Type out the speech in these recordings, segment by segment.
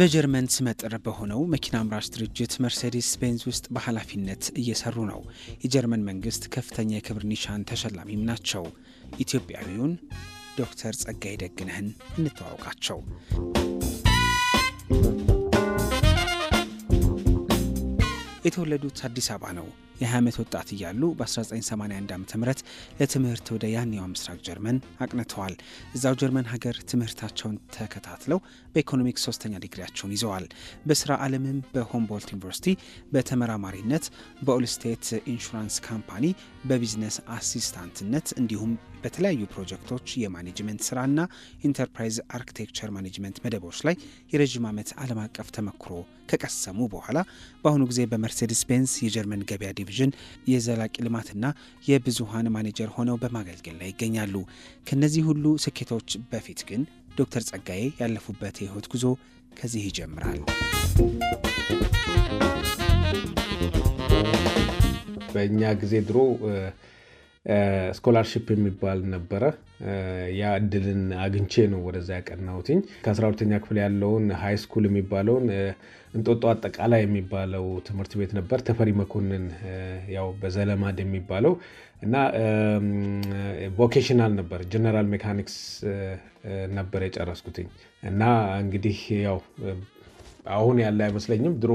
በጀርመን ስመጥር በሆነው መኪና አምራች ድርጅት መርሴዲስ ቤንዝ ውስጥ በኃላፊነት እየሰሩ ነው። የጀርመን መንግስት ከፍተኛ የክብር ኒሻን ተሸላሚም ናቸው። ኢትዮጵያዊውን ዶክተር ጸጋይ ደግነህን እንተዋውቃቸው። የተወለዱት አዲስ አበባ ነው። የ20 ዓመት ወጣት እያሉ በ1981 ዓ ም ለትምህርት ወደ ያኔዋ ምስራቅ ጀርመን አቅንተዋል። እዛው ጀርመን ሀገር ትምህርታቸውን ተከታትለው በኢኮኖሚክስ ሶስተኛ ዲግሪያቸውን ይዘዋል። በስራ ዓለምም በሆምቦልት ዩኒቨርሲቲ በተመራማሪነት በኦልስቴት ኢንሹራንስ ካምፓኒ በቢዝነስ አሲስታንትነት እንዲሁም በተለያዩ ፕሮጀክቶች የማኔጅመንት ስራና ኢንተርፕራይዝ አርክቴክቸር ማኔጅመንት መደቦች ላይ የረዥም ዓመት ዓለም አቀፍ ተመክሮ ከቀሰሙ በኋላ በአሁኑ ጊዜ በመርሴዲስ ቤንስ የጀርመን ገበያ ዲቪዥን የዘላቂ ልማትና የብዙሀን ማኔጀር ሆነው በማገልገል ላይ ይገኛሉ። ከእነዚህ ሁሉ ስኬቶች በፊት ግን ዶክተር ጸጋዬ ያለፉበት የህይወት ጉዞ ከዚህ ይጀምራል። በእኛ ጊዜ ድሮ ስኮላርሽፕ የሚባል ነበረ። ያ እድልን አግኝቼ ነው ወደዛ ያቀናሁትኝ። 12 ተኛ ክፍል ያለውን ሀይ ስኩል የሚባለውን እንጦጦ አጠቃላይ የሚባለው ትምህርት ቤት ነበር። ተፈሪ መኮንን ያው በዘለማድ የሚባለው እና ቮኬሽናል ነበር። ጀነራል ሜካኒክስ ነበር የጨረስኩትኝ እና እንግዲህ ያው አሁን ያለ አይመስለኝም ድሮ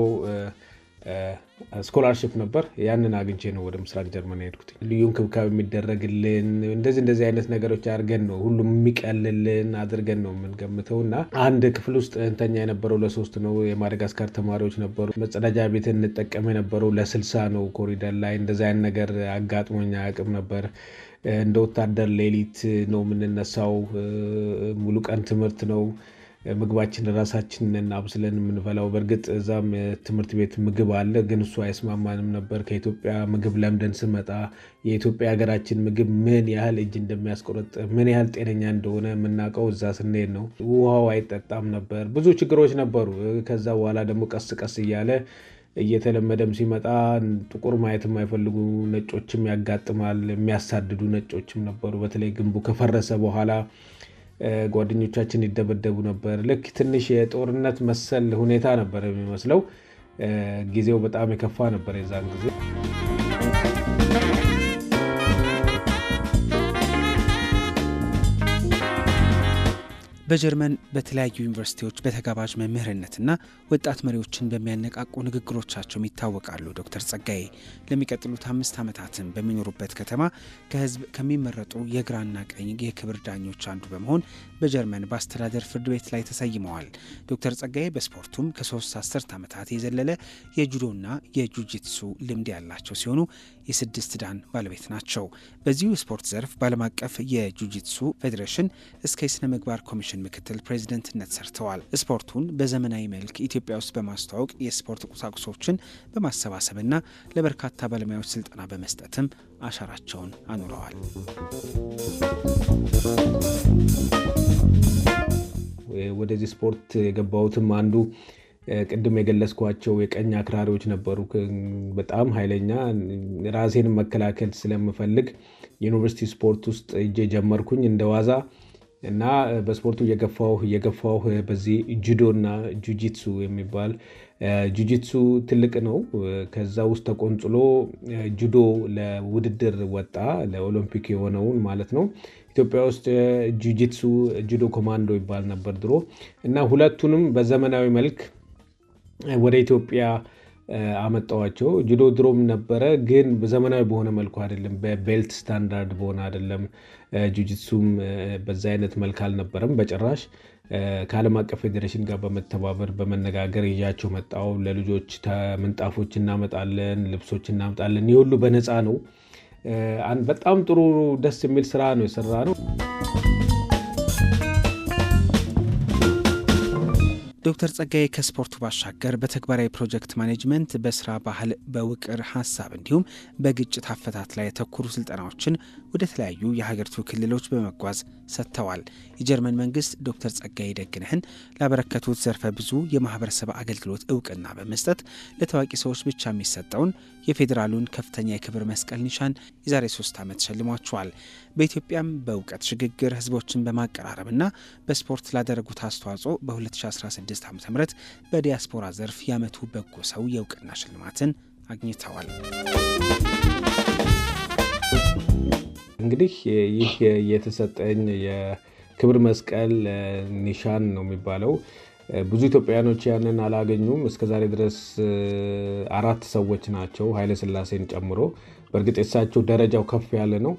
ስኮላርሽፕ ነበር። ያንን አግኝቼ ነው ወደ ምስራቅ ጀርመን ሄድኩት። ልዩ እንክብካቤ የሚደረግልን እንደዚህ እንደዚህ አይነት ነገሮች አድርገን ነው ሁሉም የሚቀልልን አድርገን ነው የምንገምተው እና አንድ ክፍል ውስጥ እንተኛ የነበረው ለሶስት ነው። የማደጋስካር ተማሪዎች ነበሩ። መጸዳጃ ቤት እንጠቀም የነበረው ለስልሳ ነው። ኮሪደር ላይ እንደዚህ አይነት ነገር አጋጥሞኝ አያውቅም ነበር። እንደ ወታደር ሌሊት ነው የምንነሳው። ሙሉ ቀን ትምህርት ነው። ምግባችን ራሳችንን አብስለን የምንበላው። በእርግጥ እዛም ትምህርት ቤት ምግብ አለ፣ ግን እሱ አይስማማንም ነበር ከኢትዮጵያ ምግብ ለምደን ስመጣ የኢትዮጵያ ሀገራችን ምግብ ምን ያህል እጅ እንደሚያስቆረጥ ምን ያህል ጤነኛ እንደሆነ የምናውቀው እዛ ስንሄድ ነው። ውሃው አይጠጣም ነበር፣ ብዙ ችግሮች ነበሩ። ከዛ በኋላ ደግሞ ቀስ ቀስ እያለ እየተለመደም ሲመጣ ጥቁር ማየት የማይፈልጉ ነጮችም ያጋጥማል። የሚያሳድዱ ነጮችም ነበሩ። በተለይ ግንቡ ከፈረሰ በኋላ ጓደኞቻችን ይደበደቡ ነበር። ልክ ትንሽ የጦርነት መሰል ሁኔታ ነበር የሚመስለው። ጊዜው በጣም የከፋ ነበር የዛን ጊዜ። በጀርመን በተለያዩ ዩኒቨርሲቲዎች በተጋባዥ መምህርነትና ወጣት መሪዎችን በሚያነቃቁ ንግግሮቻቸውም ይታወቃሉ። ዶክተር ጸጋዬ ለሚቀጥሉት አምስት ዓመታትም በሚኖሩበት ከተማ ከህዝብ ከሚመረጡ የግራና ቀኝ የክብር ዳኞች አንዱ በመሆን በጀርመን በአስተዳደር ፍርድ ቤት ላይ ተሰይመዋል። ዶክተር ጸጋዬ በስፖርቱም ከሶስት አስርት ዓመታት የዘለለ የጁዶና የጁጅትሱ ልምድ ያላቸው ሲሆኑ የስድስት ዳን ባለቤት ናቸው። በዚሁ የስፖርት ዘርፍ በዓለም አቀፍ የጁጅትሱ ፌዴሬሽን እስከ የሥነ ምግባር ኮሚሽን ምክትል ፕሬዚደንትነት ሰርተዋል። ስፖርቱን በዘመናዊ መልክ ኢትዮጵያ ውስጥ በማስተዋወቅ የስፖርት ቁሳቁሶችን በማሰባሰብና ለበርካታ ባለሙያዎች ስልጠና በመስጠትም አሻራቸውን አኑረዋል። ወደዚህ ስፖርት የገባሁትም አንዱ ቅድም የገለጽኳቸው የቀኝ አክራሪዎች ነበሩ። በጣም ኃይለኛ ራሴን መከላከል ስለምፈልግ ዩኒቨርሲቲ ስፖርት ውስጥ እጄ ጀመርኩኝ እንደ ዋዛ እና በስፖርቱ እየገፋሁ እየገፋሁ በዚህ ጁዶ እና ጁጂትሱ የሚባል ጁጂትሱ ትልቅ ነው። ከዛ ውስጥ ተቆንጽሎ ጁዶ ለውድድር ወጣ፣ ለኦሎምፒክ የሆነውን ማለት ነው። ኢትዮጵያ ውስጥ ጁጂትሱ ጁዶ ኮማንዶ ይባል ነበር ድሮ እና ሁለቱንም በዘመናዊ መልክ ወደ ኢትዮጵያ አመጣዋቸው። ጁዶ ድሮም ነበረ፣ ግን በዘመናዊ በሆነ መልኩ አይደለም፣ በቤልት ስታንዳርድ በሆነ አይደለም። ጁጅትሱም በዛ አይነት መልክ አልነበረም በጭራሽ። ከዓለም አቀፍ ፌዴሬሽን ጋር በመተባበር በመነጋገር ይዣቸው መጣው። ለልጆች ምንጣፎች እናመጣለን፣ ልብሶች እናመጣለን። ይህ ሁሉ በነፃ ነው። በጣም ጥሩ ደስ የሚል ስራ ነው የሰራ ነው። ዶክተር ጸጋዬ ከስፖርቱ ባሻገር በተግባራዊ ፕሮጀክት ማኔጅመንት፣ በስራ ባህል፣ በውቅር ሀሳብ እንዲሁም በግጭት አፈታት ላይ የተኮሩ ስልጠናዎችን ወደ ተለያዩ የሀገሪቱ ክልሎች በመጓዝ ሰጥተዋል። የጀርመን መንግስት ዶክተር ጸጋዬ ደግነህን ላበረከቱት ዘርፈ ብዙ የማህበረሰብ አገልግሎት እውቅና በመስጠት ለታዋቂ ሰዎች ብቻ የሚሰጠውን የፌዴራሉን ከፍተኛ የክብር መስቀል ኒሻን የዛሬ ሶስት ዓመት ሸልሟቸዋል። በኢትዮጵያም በእውቀት ሽግግር ህዝቦችን በማቀራረብና በስፖርት ላደረጉት አስተዋጽኦ በ2016 2016 ዓ ም በዲያስፖራ ዘርፍ የዓመቱ በጎ ሰው የእውቅና ሽልማትን አግኝተዋል። እንግዲህ ይህ የተሰጠኝ የክብር መስቀል ኒሻን ነው የሚባለው። ብዙ ኢትዮጵያውያኖች ያንን አላገኙም። እስከዛሬ ድረስ አራት ሰዎች ናቸው ኃይለስላሴን ጨምሮ። በእርግጥ የሳቸው ደረጃው ከፍ ያለ ነው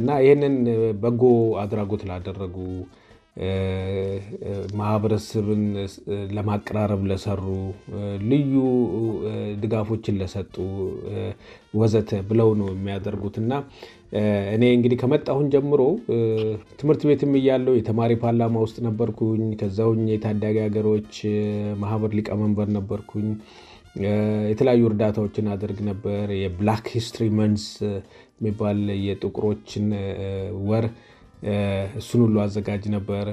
እና ይህንን በጎ አድራጎት ላደረጉ ማህበረሰብን ለማቀራረብ ለሰሩ፣ ልዩ ድጋፎችን ለሰጡ ወዘተ ብለው ነው የሚያደርጉት እና እኔ እንግዲህ ከመጣሁን ጀምሮ ትምህርት ቤትም እያለው የተማሪ ፓርላማ ውስጥ ነበርኩኝ። ከዛውኝ የታዳጊ ሀገሮች ማህበር ሊቀመንበር ነበርኩኝ። የተለያዩ እርዳታዎችን አደርግ ነበር። የብላክ ሂስትሪ መንስ የሚባል የጥቁሮችን ወር እሱን ሁሉ አዘጋጅ ነበር።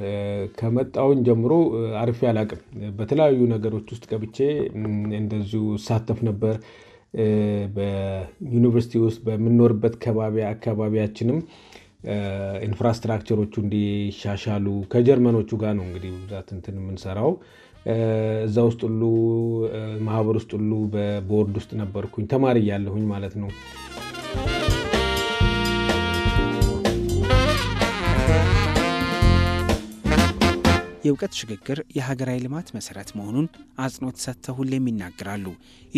ከመጣውን ጀምሮ አርፌ አላቅም። በተለያዩ ነገሮች ውስጥ ገብቼ እንደዚሁ እሳተፍ ነበር። በዩኒቨርሲቲ ውስጥ በምኖርበት ከባቢ አካባቢያችንም ኢንፍራስትራክቸሮቹ እንዲሻሻሉ ከጀርመኖቹ ጋር ነው እንግዲህ ብዛት እንትን የምንሰራው እዛ ውስጥ ሁሉ ማህበር ውስጥ ሁሉ በቦርድ ውስጥ ነበርኩኝ ተማሪ እያለሁኝ ማለት ነው። የእውቀት ሽግግር የሀገራዊ ልማት መሰረት መሆኑን አጽንኦት ሰጥተው ሁሌም ይናገራሉ።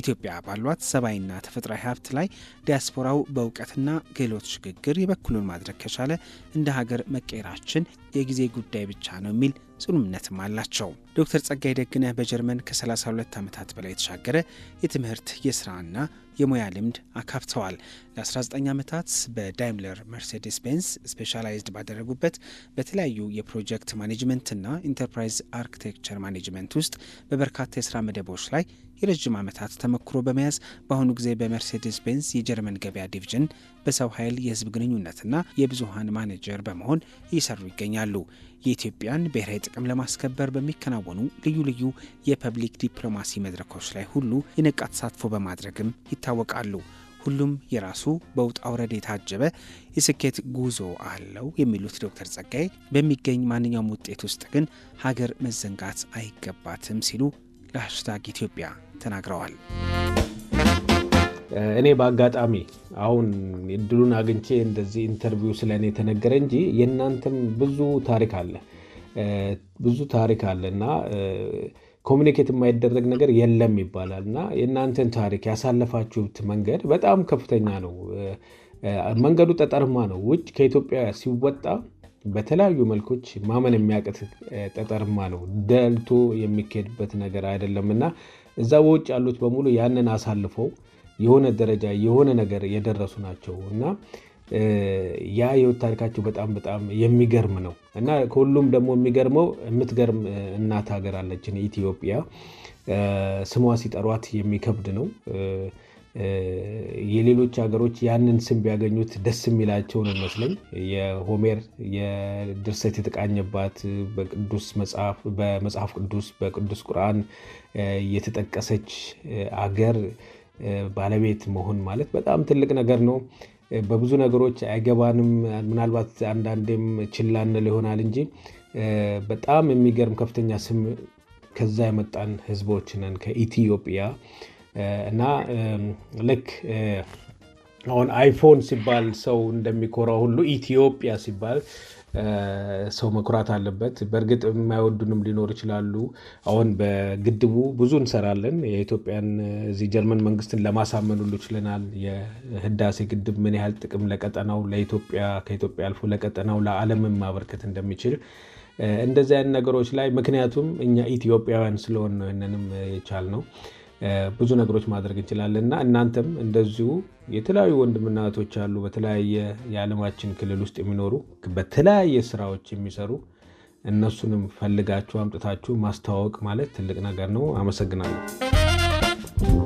ኢትዮጵያ ባሏት ሰብአዊና ተፈጥሯዊ ሀብት ላይ ዲያስፖራው በእውቀትና ክህሎት ሽግግር የበኩሉን ማድረግ ከቻለ እንደ ሀገር መቀየራችን የጊዜ ጉዳይ ብቻ ነው የሚል ጽኑ እምነትም አላቸው። ዶክተር ጸጋይ ደግነ በጀርመን ከ32 ዓመታት በላይ የተሻገረ የትምህርት የስራና የሙያ ልምድ አካብተዋል። ለ19 ዓመታት በዳይምለር መርሴዴስ ቤንስ ስፔሻላይዝድ ባደረጉበት በተለያዩ የፕሮጀክት ማኔጅመንትና ኢንተርፕራይዝ አርክቴክቸር ማኔጅመንት ውስጥ በበርካታ የስራ መደቦች ላይ የረጅም ዓመታት ተመክሮ በመያዝ በአሁኑ ጊዜ በመርሴዴስ ቤንስ የጀርመን ገበያ ዲቪዥን በሰው ኃይል የህዝብ ግንኙነትና የብዙሀን ማኔጀር በመሆን እየሰሩ ይገኛሉ። የኢትዮጵያን ብሔራዊ ጥቅም ለማስከበር በሚከናወኑ ልዩ ልዩ የፐብሊክ ዲፕሎማሲ መድረኮች ላይ ሁሉ የነቃ ተሳትፎ በማድረግም ይታወቃሉ። ሁሉም የራሱ በውጣ ውረድ የታጀበ የስኬት ጉዞ አለው የሚሉት ዶክተር ጸጋዬ በሚገኝ ማንኛውም ውጤት ውስጥ ግን ሀገር መዘንጋት አይገባትም ሲሉ ለሀሽታግ ኢትዮጵያ ተናግረዋል። እኔ በአጋጣሚ አሁን እድሉን አግኝቼ እንደዚህ ኢንተርቪው ስለእኔ ተነገረ እንጂ የእናንተም ብዙ ታሪክ አለ። ብዙ ታሪክ አለ እና ኮሚኒኬት የማይደረግ ነገር የለም ይባላል እና የእናንተን ታሪክ ያሳለፋችሁት መንገድ በጣም ከፍተኛ ነው። መንገዱ ጠጠርማ ነው። ውጭ ከኢትዮጵያ ሲወጣ በተለያዩ መልኮች ማመን የሚያቅት ጠጠርማ ነው። ደልቶ የሚካሄድበት ነገር አይደለም እና እዛ በውጭ ያሉት በሙሉ ያንን አሳልፈው የሆነ ደረጃ የሆነ ነገር የደረሱ ናቸው እና ያ የህይወት ታሪካቸው በጣም በጣም የሚገርም ነው እና ከሁሉም ደግሞ የሚገርመው የምትገርም እናት ሀገር አለችን ኢትዮጵያ። ስሟ ሲጠሯት የሚከብድ ነው። የሌሎች ሀገሮች ያንን ስም ቢያገኙት ደስ የሚላቸው ነው ይመስለኝ። የሆሜር የድርሰት የተቃኘባት በቅዱስ መጽሐፍ በመጽሐፍ ቅዱስ በቅዱስ ቁርአን የተጠቀሰች አገር ባለቤት መሆን ማለት በጣም ትልቅ ነገር ነው። በብዙ ነገሮች አይገባንም። ምናልባት አንዳንዴም ችላንል ይሆናል እንጂ በጣም የሚገርም ከፍተኛ ስም ከዛ የመጣን ህዝቦች ነን ከኢትዮጵያ እና ልክ አሁን አይፎን ሲባል ሰው እንደሚኮራ ሁሉ ኢትዮጵያ ሲባል ሰው መኩራት አለበት። በእርግጥ የማይወዱንም ሊኖር ይችላሉ። አሁን በግድቡ ብዙ እንሰራለን። የኢትዮጵያን እዚህ ጀርመን መንግስትን ለማሳመን ሁሉ ችለናል። የህዳሴ ግድብ ምን ያህል ጥቅም ለቀጠናው ለኢትዮጵያ ከኢትዮጵያ አልፎ ለቀጠናው ለዓለምን ማበርከት እንደሚችል እንደዚህ አይነት ነገሮች ላይ ምክንያቱም እኛ ኢትዮጵያውያን ስለሆን ነው የቻል የቻልነው ብዙ ነገሮች ማድረግ እንችላለን እና እናንተም እንደዚሁ የተለያዩ ወንድምና እህቶች አሉ በተለያየ የዓለማችን ክልል ውስጥ የሚኖሩ በተለያየ ስራዎች የሚሰሩ እነሱንም ፈልጋችሁ አምጥታችሁ ማስተዋወቅ ማለት ትልቅ ነገር ነው። አመሰግናለሁ።